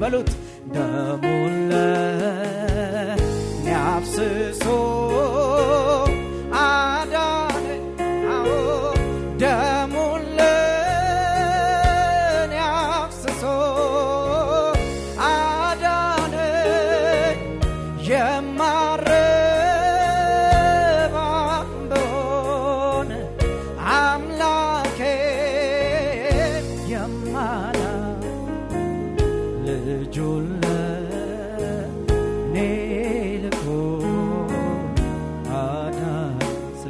balut damulai.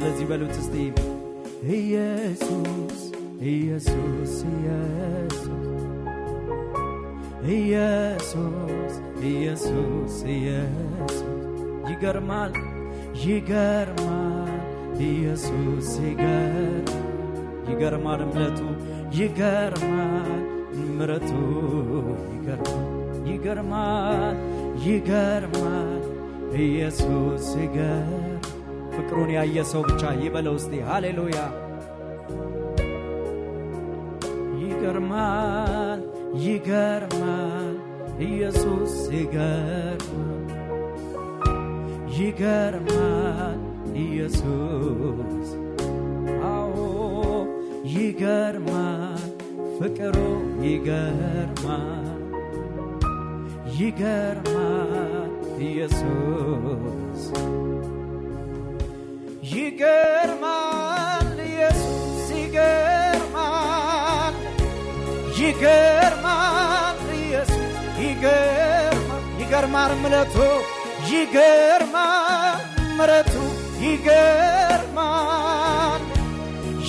እንደዚህ በሉት እስቲ ኢየሱስ ኢየሱስ ኢየሱስ ኢየሱስ ኢየሱስ ይገርማል ይገርማል ኢየሱስ ይገርማል ይገርማል እምለቱ ይገርማል ምረቱ ይገርማል ይገርማል ይገርማል ኢየሱስ ይገርማል ፍቅሩን ያየ ሰው ብቻ ይበለው እስቲ ሃሌሉያ። ይገርማል ይገርማል ኢየሱስ ይገርማል ይገርማል ኢየሱስ አዎ ይገርማል ፍቅሩ ይገርማል ይገርማል ኢየሱስ ይገርማል ኢየሱስ ይገርማል ይገርማል ኢየሱስ ይገርማል ይገርማል ምለቱ ይገርማል ምረቱ ይገርማል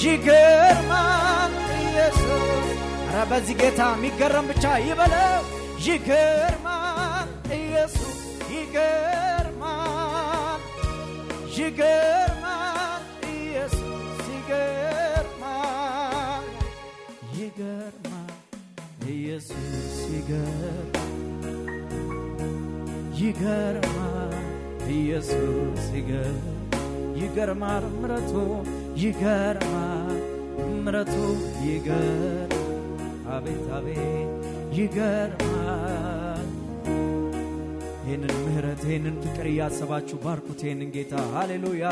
ይገርማል ኢየሱስ ኧረ በዚህ ጌታ የሚገረም ብቻ ይበለው ይገርማል ኢየሱስ ይገርማል ይገር ይገርማል ይገርማል ኢየሱስ ይገርማል ይገርማል ምረቱ ይገርማል ምረቱ ይገር አቤት አቤት ይገርማል ይህንን ምህረት ይህንን ፍቅር እያሰባችሁ ባርኩት ይህንን ጌታ ሃሌሉያ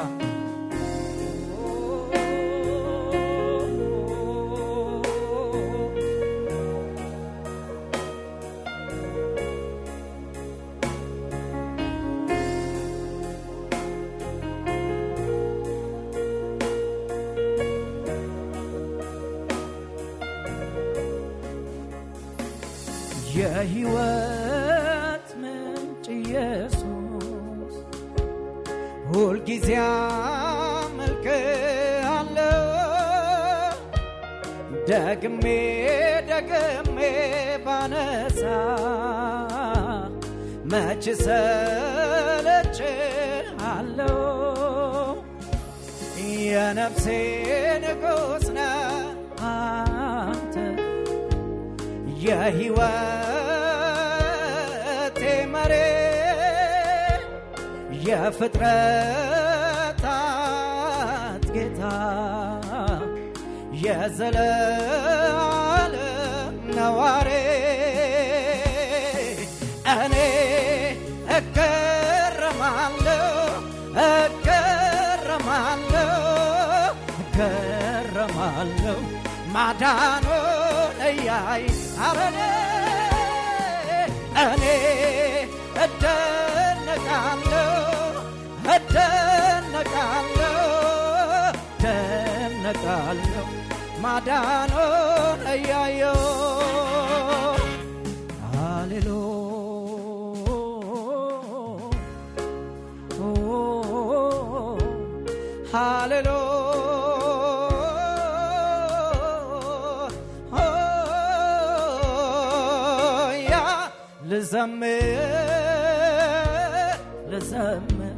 የህይወት ምንጭ ኢየሱስ ሁልጊዜ አመልክሃለሁ ደግሜ ደግሜ ባነሳ መች ሰለችሃለሁ የነፍሴ ንጉሥ ነህ አንተ የህይወት የፍጥረታት ጌታ የዘላለም ነዋሪ እኔ እገረማለሁ እገረማለሁ እገረማለሁ ማዳኑን እያይ አረኔ እኔ እደ እመጣለሁ ማዳኖን እያየሁ ሃሌሎ ሃሌሎ ያ ልዘምር ልዘምር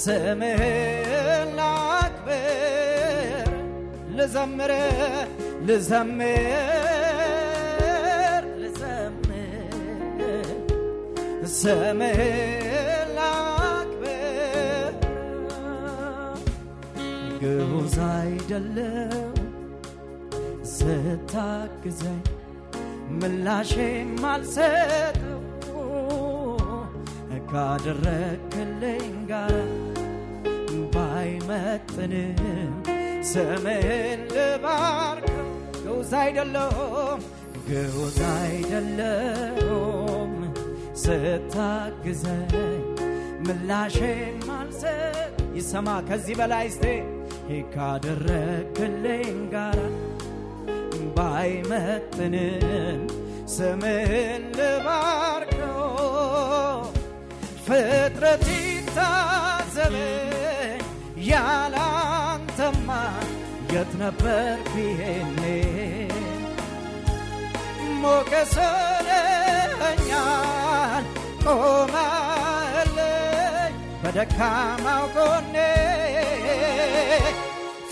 ስምህና ልዘምር ልዘምር ልዘምር ስምህን ላክብር ግዑዝ አይደለም ስታግዘኝ ምላሼን ማልሰጠው ካደረክልኝ ጋር ባይመጥንም ስምህን ልባርከው ገውዝ አይደለሁም ገውዝ አይደለሁም ስታግዘኝ ምላሼን ማልሰጥ ይሰማ ከዚህ በላይ ስቴ ካደረግልኝ ጋር ባይመጥንም ስምህን ልባርከው ፍጥረት ያላንተማ የት ነበር ይሄኔ ሞገሰለኛል ቆመልኝ በደካማው ጎኔ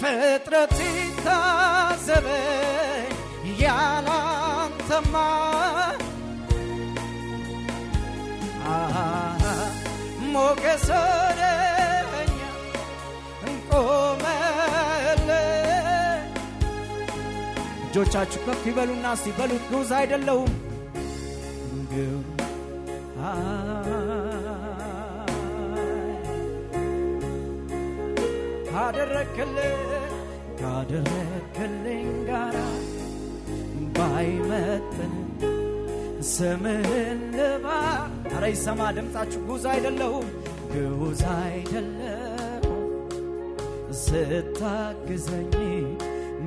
ፍጥረት ሲታዘበኝ ያላንተማ ሞገሰ እጆቻችሁ ከፍ ይበሉና ሲበሉ ግዑዝ አይደለሁም ካደረክልኝ ካደረክልኝ ጋራ ባይመጥን ስምህን ልባ አረ ይሰማ ድምፃችሁ ጉዝ አይደለሁም ግዝ አይደለም ስታግዘኝ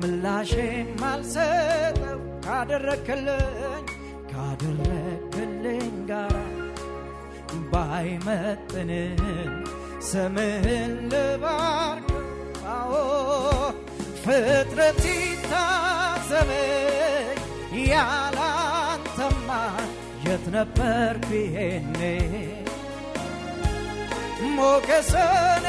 ምላሼም ማልሰጠው ካደረክልኝ ካደረክልኝ ጋር ባይመጥን ስምህን ልባርክ አዎ ፍጥረት ይታዘበኝ ያላንተማ የት ነበርኩ ይሄኔ ሞገሰኔ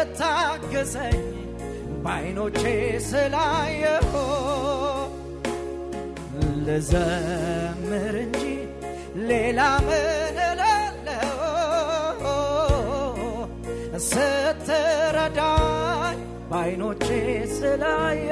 ስለታገሰኝ በዓይኖቼ ስላየሆ ልዘምር እንጂ ሌላ ምን እላለሁ? ስትረዳኝ በዓይኖቼ ስላየ